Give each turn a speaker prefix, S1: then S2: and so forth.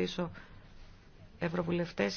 S1: ευχαριστήσω ευρωβουλευτές